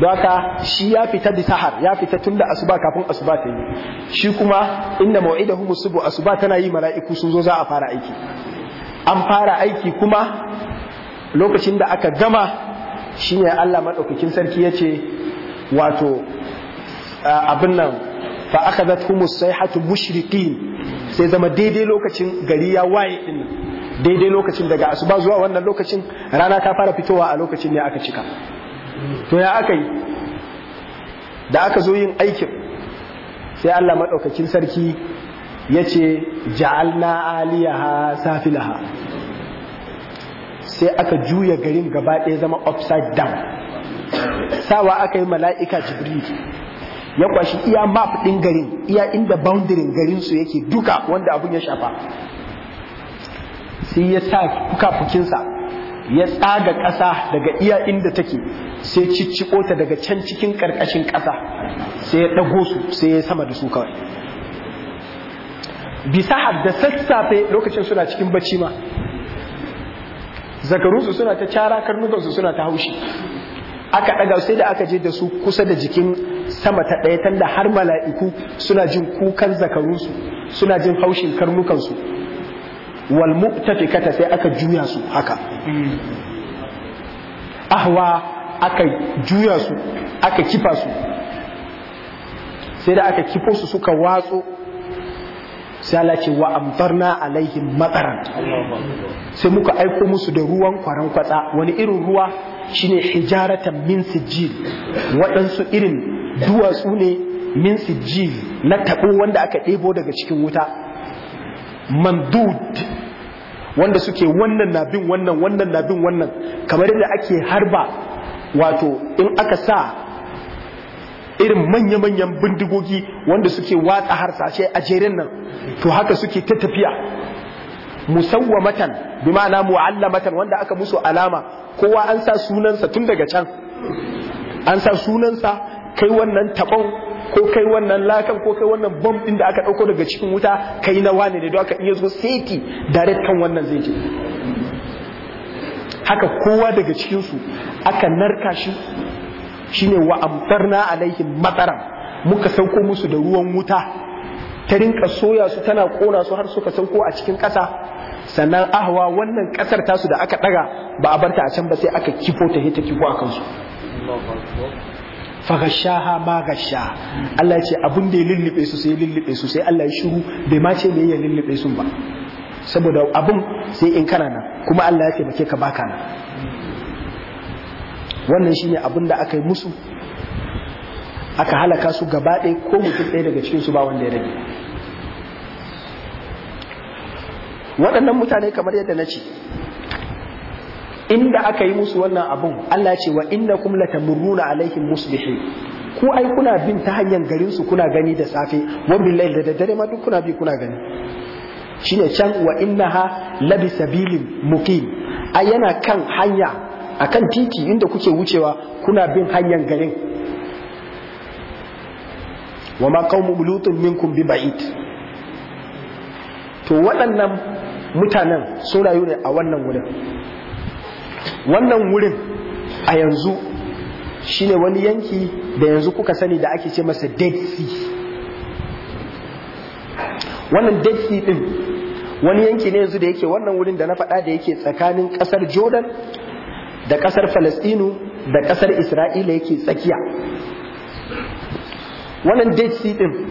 doka shi ya fita da sahar ya fita tun da asuba kafin asuba ta yi shi kuma inda mau'idahum subu asuba tana yi mala'iku sun zo za a fara aiki an fara aiki kuma lokacin da aka gama shine Allah madaukakin sarki yace wato abin nan fa akhadathum as-sayhatu mushriqin sai zama daidai lokacin gari ya waye din daidai lokacin daga asuba zuwa wannan lokacin rana ta fara fitowa a lokacin ne aka cika to ya aka yi da aka zo yin aikin sai Allah maɗaukakin sarki ya ce ja'alna aliyaha safilaha sai aka juya garin gaba ɗaya zama upside down sawa aka yi mala'ika jibril ya kwashi iya map ɗin garin iya inda boundarin garin su yake duka wanda abun ya shafa sai ya sa fuka-fukinsa ya tsaga ƙasa daga iya inda take sai cicciko ta daga can cikin ƙarƙashin ƙasa sai ya ɗago su sai ya sama da su kawai bisa da sassafe lokacin suna cikin bacci ma zakarunsu suna ta cara karnukansu suna ta haushi aka ɗaga sai da aka je da su kusa da jikin sama ta ɗaya tanda har mala'iku suna jin kukan zakarunsu suna jin haushin karnukansu wal kata sai aka juya su haka ahwa aka juya su aka kifa su sai da aka kifo su suka watsu. sai Allah wa amtarna alaihim sai muka aiko musu da ruwan kwaran kwatsa wani irin ruwa shine hijaratan min sijil waɗansu irin duwatsu ne min sijil na tabo wanda aka ɗebo daga cikin wuta mandud wanda suke wannan na bin wannan wannan na bin wannan kamar yadda ake harba wato in aka sa irin manya-manyan bindigogi wanda suke watsa harsashe a jerin nan to haka suke ta tafiya musawwamatan bi ma'ana mu'allamatan wanda aka musu alama kowa an sa sunansa tun daga can an sa sunansa kai wannan tabon ko kai wannan lakan ko kai wannan bomb din da aka dauko daga cikin wuta kai na wane da don aka iya zo seti direct kan wannan zai je haka kowa daga cikin su aka narka shi shine wa amtarna alaihim matara muka sauko musu da ruwan wuta ta rinka soya su tana kona su har suka sauko a cikin ƙasa sannan ahwa wannan ƙasar tasu da aka ɗaga ba a barta a can ba sai aka kifo ta hita kifo a kansu fagashaha ma gasha Allah ya ce abin da ya lullube su sai lullube su sai Allah ya shiru bai ma ce me ya lullube su ba saboda abin sai in kana nan kuma Allah ya taimake ka baka nan wannan shine abun da aka yi musu aka halaka su gaba ɗaya ko mutum ɗaya daga cikin su ba wanda ya rage waɗannan mutane kamar yadda na ce inda aka yi musu wannan abun Allah ce wa innakum latamurruna alaihim musbihin ku ai kuna bin ta hanyar garin su kuna gani da safe wa billahi da dare ma duk kuna bi kuna gani shine can wa innaha labi sabilin muqim ai yana kan hanya akan titi inda kuke wucewa kuna bin hanyar garin wa ma qaumu lutun minkum bi ba'id to waɗannan mutanen sun rayu ne a wannan wurin wannan wurin a yanzu shi ne wani yanki da yanzu kuka sani da ake ce masa dead sea wannan dead sea din wani yanki ne yanzu da yake wannan wurin da na faɗa da yake tsakanin ƙasar jordan da ƙasar falastinu da ƙasar isra'ila yake tsakiya wannan dead sea din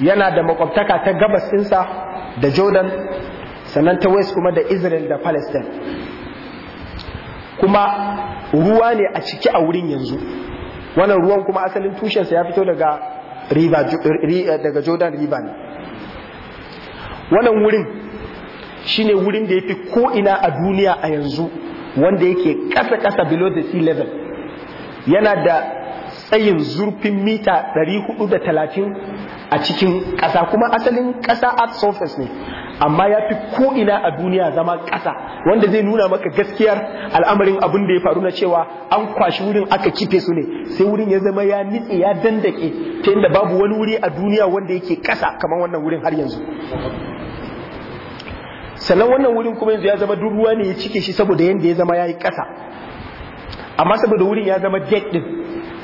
yana da makwabtaka ta gabas ɗinsa da jordan sannan ta west kuma da israel da palestine kuma ruwa ne a ciki a wurin yanzu wannan ruwan kuma asalin tushensa ya fito daga eh, daga jordan river ne wannan wurin shine wurin da ya fi ko'ina a duniya a yanzu wanda yake kasa kasa below the sea level yana da tsayin zurfin mita 430 a cikin kasa kuma asalin kasa at surface ne amma ya fi ko ina a duniya zama kasa wanda zai nuna maka gaskiyar al'amarin abin da ya faru na cewa an kwashi wurin aka kife su ne sai wurin ya zama ya nitse ya dandake ta yadda babu wani wuri a duniya wanda yake ƙasa kamar wannan wurin har yanzu sannan wannan wurin kuma yanzu ya zama duk ruwa ne ya cike shi saboda yadda ya zama ya yi ƙasa amma saboda wurin ya zama dead din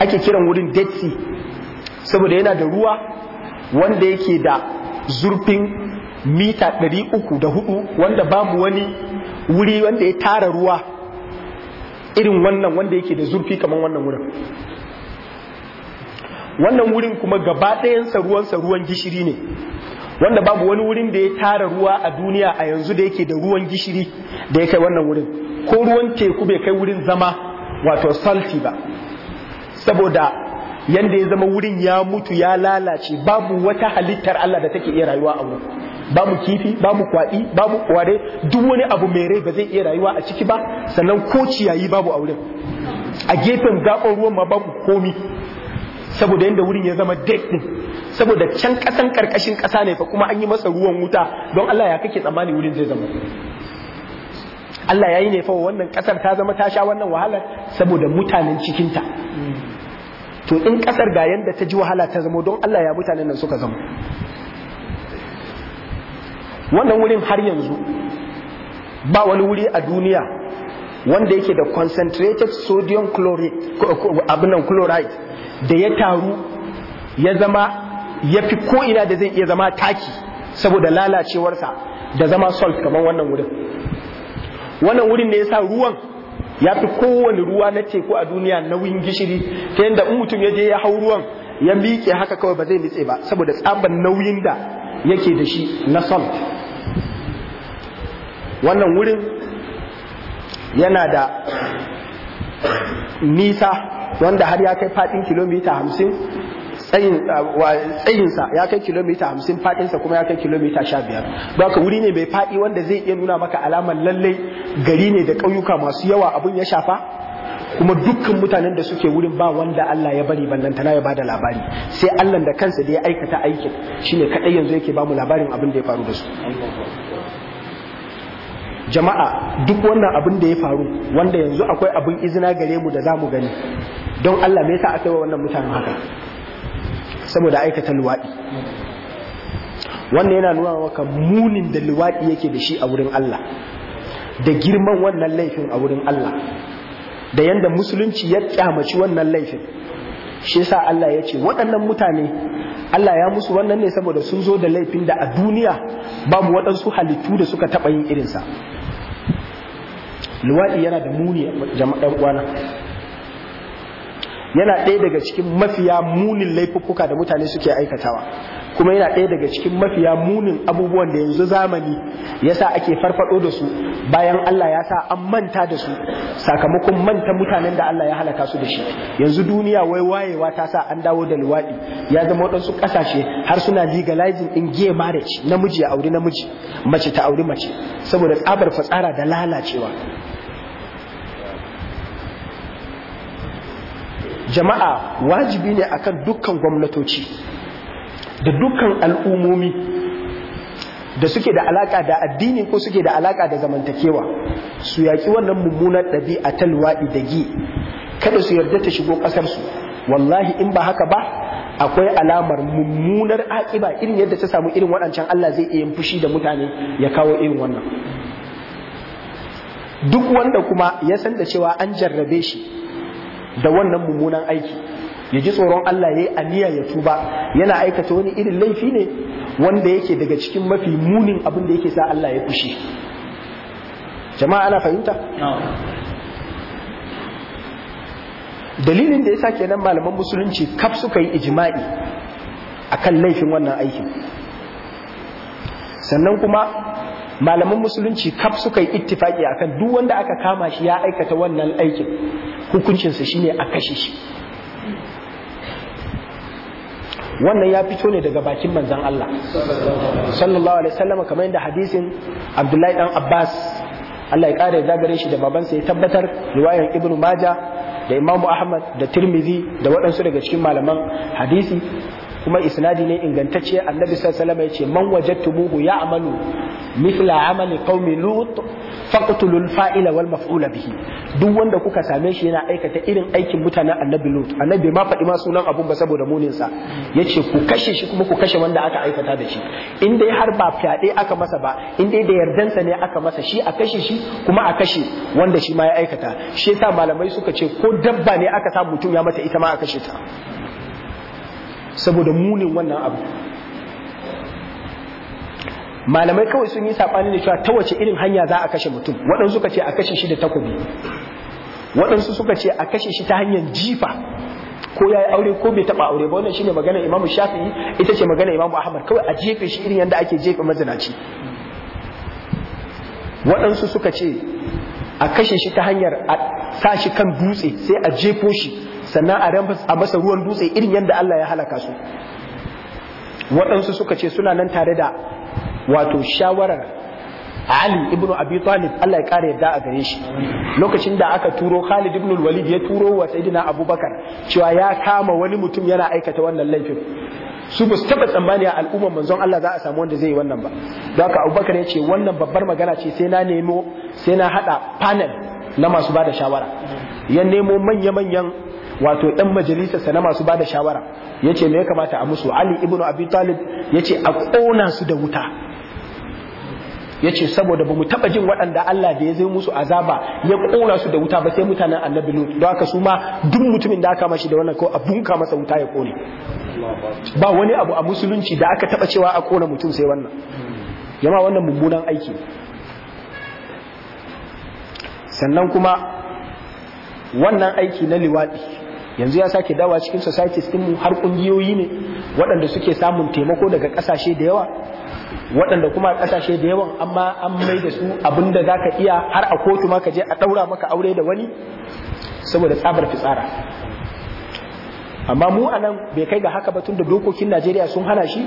ake kiran wurin dead sea saboda yana da ruwa wanda yake da zurfin mita ɗari da hudu wanda babu wani wuri wanda ya tara ruwa irin wannan wanda yake da zurfi kamar wannan wurin wannan wurin kuma gaba ɗayansa ruwansa ruwan gishiri ne wanda babu wani wurin da ya tara ruwa a duniya a yanzu da yake da ruwan gishiri da ya kai wannan wurin ko ruwan teku bai kai wurin zama wato salti ba saboda yanda ya zama wurin ya mutu ya lalace babu wata halittar Allah da take iya rayuwa a wurin babu kifi babu kwaɗi babu kware duk wani abu mai rai ba zai iya rayuwa a ciki ba sannan ko ciyayi babu a wurin a gefen gaɓar ruwan ma babu komi saboda yadda wurin ya zama date din saboda can ƙasan ƙarƙashin ƙasa ne fa kuma an yi masa ruwan wuta don Allah ya kake tsammani wurin zai zama Allah ya yi ne fa wannan ƙasar ta zama ta sha wannan wahalar saboda mutanen cikinta to in ƙasar ga yadda ta ji wahala ta zama don Allah ya mutanen nan suka zama wannan wurin har yanzu ba wani wuri a duniya wanda yake da concentrated sodium abinan chloride da ya taru ya zama ya fi ko'ina da zai iya zama taki saboda lalacewarsa da zama salt kamar wannan wurin wannan wurin ne ya sa ruwan ya fi kowane ruwa na teku a duniya nauyin gishiri ta yadda in mutum ya je ya hau ruwan ya miƙe haka kawai ba zai nitse ba saboda tsaban nauyin da yake da shi na salt wannan wurin yana da nisa wanda har ya kai fadin kilomita hamsin tsayinsa ya kai kilomita hamsin fadinsa kuma ya kai kilomita sha biyar baka wuri ne mai fadi wanda zai iya nuna maka alamar lallai gari ne da ƙauyuka masu yawa abin ya shafa kuma dukkan mutanen da suke wurin ba wanda Allah ya bari ballantana ya ba da labari sai Allah da kansa da ya aikata aikin shine kaɗai yanzu yake bamu labarin abin da ya faru da su jama'a duk wannan abin da ya faru wanda yanzu akwai abin izina gare mu da zamu gani don Allah me yasa aka yi wa wannan mutanen haka saboda aikata luwaɗi wannan yana nuna maka munin da luwaɗi yake da shi a wurin Allah da girman wannan laifin a wurin Allah da yanda musulunci ya kyamaci wannan laifin shi yasa Allah ya ce waɗannan mutane Allah ya musu wannan ne saboda sun zo da laifin da a duniya babu waɗansu halittu da suka taɓa yin irinsa luwaɗi yana da muni jama'an uwana yana ɗaya daga cikin mafiya munin laifuffuka da mutane suke aikatawa kuma yana ɗaya daga cikin mafiya munin abubuwan da yanzu zamani ya sa ake farfado da su bayan Allah ya sa an manta da su sakamakon manta mutanen da Allah ya halaka su da shi yanzu duniya wai wayewa ta sa an dawo da luwaɗi ya zama waɗansu ƙasashe har suna legalizing in gay marriage namiji ya auri namiji mace ta auri mace saboda tsabar fatsara da lalacewa jama'a wajibi ne akan dukkan gwamnatoci da dukkan al'umomi da suke da alaka da addini ko suke da alaka da zamantakewa su yaki wannan mummunar ɗabi'a ta luwaɗi da gi kada su yarda ta shigo ƙasarsu wallahi in ba haka ba akwai alamar mummunar aƙiba irin yadda ta samu irin waɗancan Allah zai iya fushi da mutane ya kawo irin wannan duk wanda kuma ya san da cewa an jarrabe shi da wannan mummunan aiki ya ji tsoron Allah ya yi aniya ya tuba yana aikata wani irin laifi ne wanda yake daga cikin mafi munin abin da yake sa Allah ya fushi jama'a ana fahimta dalilin da ya sa kenan malaman musulunci kaf suka yi ijima'i akan laifin wannan aikin sannan kuma malaman musulunci kaf suka yi ittifaki akan duk wanda aka kama shi ya aikata wannan aikin hukuncinsa shi ne a kashe shi wannan ya fito ne daga bakin manzan Allah sallallahu alaihi wasallam kamar yadda hadisin Abdullahi dan Abbas Allah ya kare zagare shi da babansa ya tabbatar riwayar ibnu Maja da imamu Ahmad da tirmizi da waɗansu daga cikin malaman hadisi kuma isnadi ne ingantacce annabi sallallahu alaihi wasallam man wajadtumuhu ya'malu mithla amali qaumi lut faqtulul fa'ila wal maf'ula bihi duk wanda kuka same shi yana aikata irin aikin mutanen annabi lut annabi ma faɗi ma sunan abun ba saboda munin sa yace ku kashe shi kuma ku kashe wanda aka aikata da shi in dai har ba fyaɗe aka masa ba in dai da yardansa ne aka masa shi a kashe shi kuma a kashe wanda shi ma ya aikata shi yasa malamai suka ce ko dabba ne aka sa mutum ya mata ita ma a kashe ta saboda munin wannan abu malamai kawai sun yi saɓani da cewa ta wace irin hanya za a kashe mutum waɗansu suka ce a kashe shi da takobi waɗansu suka ce a kashe shi ta hanyar jifa ko ya yi aure ko bai taɓa aure ba wannan shine magana imamu shafi'i ita ce magana imamu ahmad kawai a jefe shi irin yadda ake jefe mazinaci waɗansu suka ce a kashe shi ta hanyar a sa shi kan dutse sai a jefo shi sannan a masa ruwan dutse irin yadda Allah ya halaka su waɗansu suka ce suna nan tare da wato shawarar Ali ibn Abi Talib Allah ya ƙara yadda a gare shi lokacin da aka turo Khalid ibn Walid ya turo wa Sayyidina Abubakar cewa ya kama wani mutum yana aikata wannan laifin su ba su taba tsammani a al'ummar manzon Allah za a samu wanda zai yi wannan ba don haka abubakar ya ce wannan babbar magana ce sai na nemo sai na hada panel na masu ba da shawara ya nemo manya-manyan wato ɗan majalisarsa na masu ba da shawara yace ce ya kamata a musu Ali ibnu Abi Talib yace a ƙona su da wuta yace saboda mu taba jin waɗanda Allah da ya zai musu azaba ya ƙona su da wuta ba sai mutanen Annabi lu don haka su ma duk mutumin da aka mashi da wannan ko a bunka masa wuta ya ƙone. ba wani abu a musulunci da aka taba cewa a ƙona mutum sai wannan yama wannan mummunan aiki sannan kuma wannan aiki na liwaɗi yanzu ya sake dawa cikin societies din mu har kungiyoyi ne waɗanda suke samun taimako daga ƙasashe da yawa waɗanda kuma ƙasashe da yawan amma an mai da su abinda za ka iya har a kotu ma ka je a ɗaura maka aure da wani saboda tsabar fitsara amma mu a nan bai kai ga haka ba tun da dokokin najeriya sun hana shi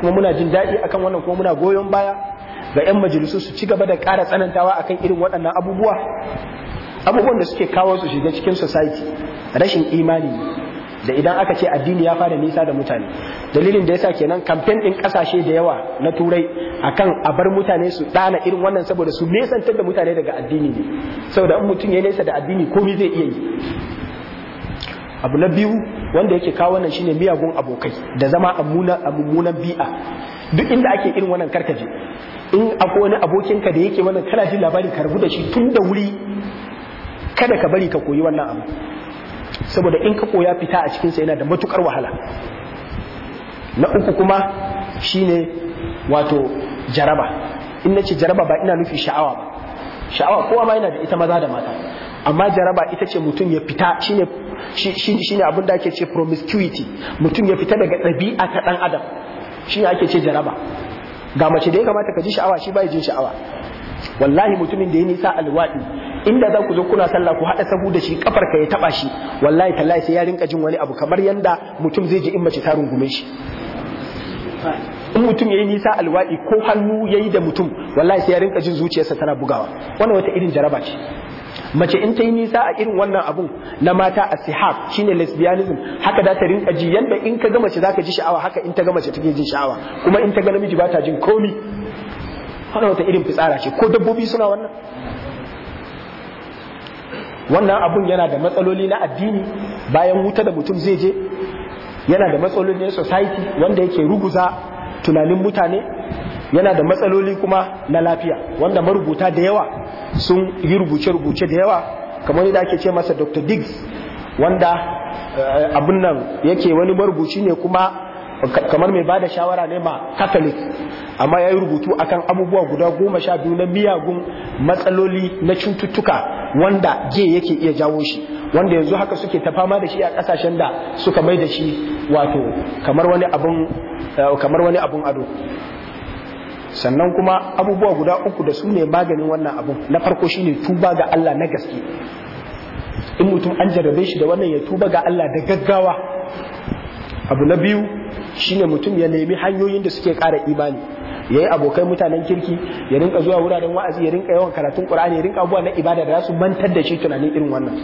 kuma muna jin daɗi akan wannan kuma muna goyon baya ga 'yan majalisu su ci gaba da ƙara tsanantawa akan irin waɗannan abubuwa abubuwan da suke kawo su shiga cikin society rashin imani da idan aka ce addini ya fara nisa da mutane dalilin da ya yasa kenan kamfen din kasashe da yawa na turai akan a bar mutane su dana irin wannan saboda su nesantar da mutane daga addini ne saboda in mutum ya nesa da addini komai zai iya yi abu na biyu wanda yake kawo wannan shine miyagun abokai da zama a mummunan bi'a duk inda ake irin wannan karkaje in akwai wani abokinka da yake wannan kana jin labari ka rubuta shi tun da wuri kada ka bari ka koyi wannan abu saboda in ka koya fita a cikinsa yana da matukar wahala na uku kuma shine wato jaraba in nace jaraba ba ina nufi sha'awa ba sha'awa kowa ma yana da ita maza da mata amma jaraba ita ce mutum ya fita shine shine abin da ake ce promiscuity mutum ya fita daga dabi'a ta dan adam shine ake ce jaraba ga mace da ya kamata ka ji sha'awa shi bai jin sha'awa wallahi mutumin da ya nisa alwaɗi inda za ku zo kuna sallah ku haɗa sahu da shi kafar ka ya taɓa shi wallahi tallahi sai ya rinka jin wani abu kamar yanda mutum zai ji in mace ta rungume shi in mutum ya yi nisa alwaɗi ko hannu ya yi da mutum wallahi sai ya rinka jin zuciyarsa tana bugawa wannan wata irin jaraba ce mace in ta yi nisa a irin wannan abun na mata a sihab shine lesbianism haka da ta rinka ji yanda in ka ga mace zaka ji sha'awa haka in ta ga mace take jin sha'awa kuma in ta ga namiji ba ta jin komi wannan wata irin fitsara ce ko dabbobi suna wannan wannan abun yana da matsaloli na addini bayan wuta da mutum zai je yana da matsaloli na society wanda yake ruguza tunanin mutane yana da matsaloli kuma na lafiya wanda marubuta da yawa sun yi rubuce-rubuce da yawa kamar yadda ake ce masa dr diggs wanda eh, abun nan yake wani marubuci ne kuma kamar mai ba da shawara ne ma catholic amma ya yi rubutu kan abubuwa guda goma sha biyu na miyagun matsaloli na cututtuka wanda je yake iya jawo shi wanda yanzu haka suke ta fama da shi a kasashen da suka mai da shi wato eh, kamar wani abun ado sannan kuma abubuwa guda uku da su ne maganin wannan abun na farko shine tuba ga Allah na gaske in mutum an jarrabe shi da wannan ya tuba ga Allah da gaggawa abu na biyu shine mutum ya nemi hanyoyin da suke kara imani ya yi abokai mutanen kirki ya rinka zuwa wuraren wa'azi ya rinka yawan karatun ƙura'ani ya rinka abubuwa na ibada da za su mantar da shi tunanin irin wannan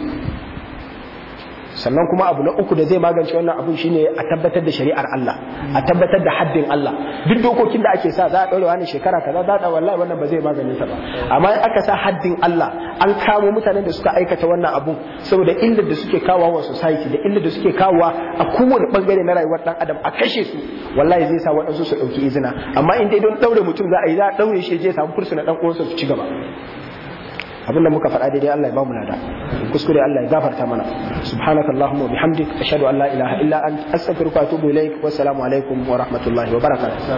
sannan kuma abu na uku da zai magance wannan abun shine a tabbatar da shari'ar Allah a tabbatar da haddin Allah duk dokokin da ake sa za a daure wani shekara kaza za a wallahi wannan ba zai magance ta ba amma in aka sa haddin Allah an kamo mutanen da suka aikata wannan abun saboda illar da suke kawo wa society da illar da suke kawo a kowane bangare na rayuwar dan adam a kashe su wallahi zai sa wadansu su dauki izina amma in dai don daure mutum za a yi za a daure shi je samu fursuna dan uwansa su ci gaba da muka faɗa daidai Allah ya ba mu lada kuskure Allah ya gafarta mana subhanakallahumma wa bihamdik ashhadu an la ilaha illa anta astaghfiruka wa atubu ilaik wa assalamu alaikum wa rahmatullahi wa barakatuh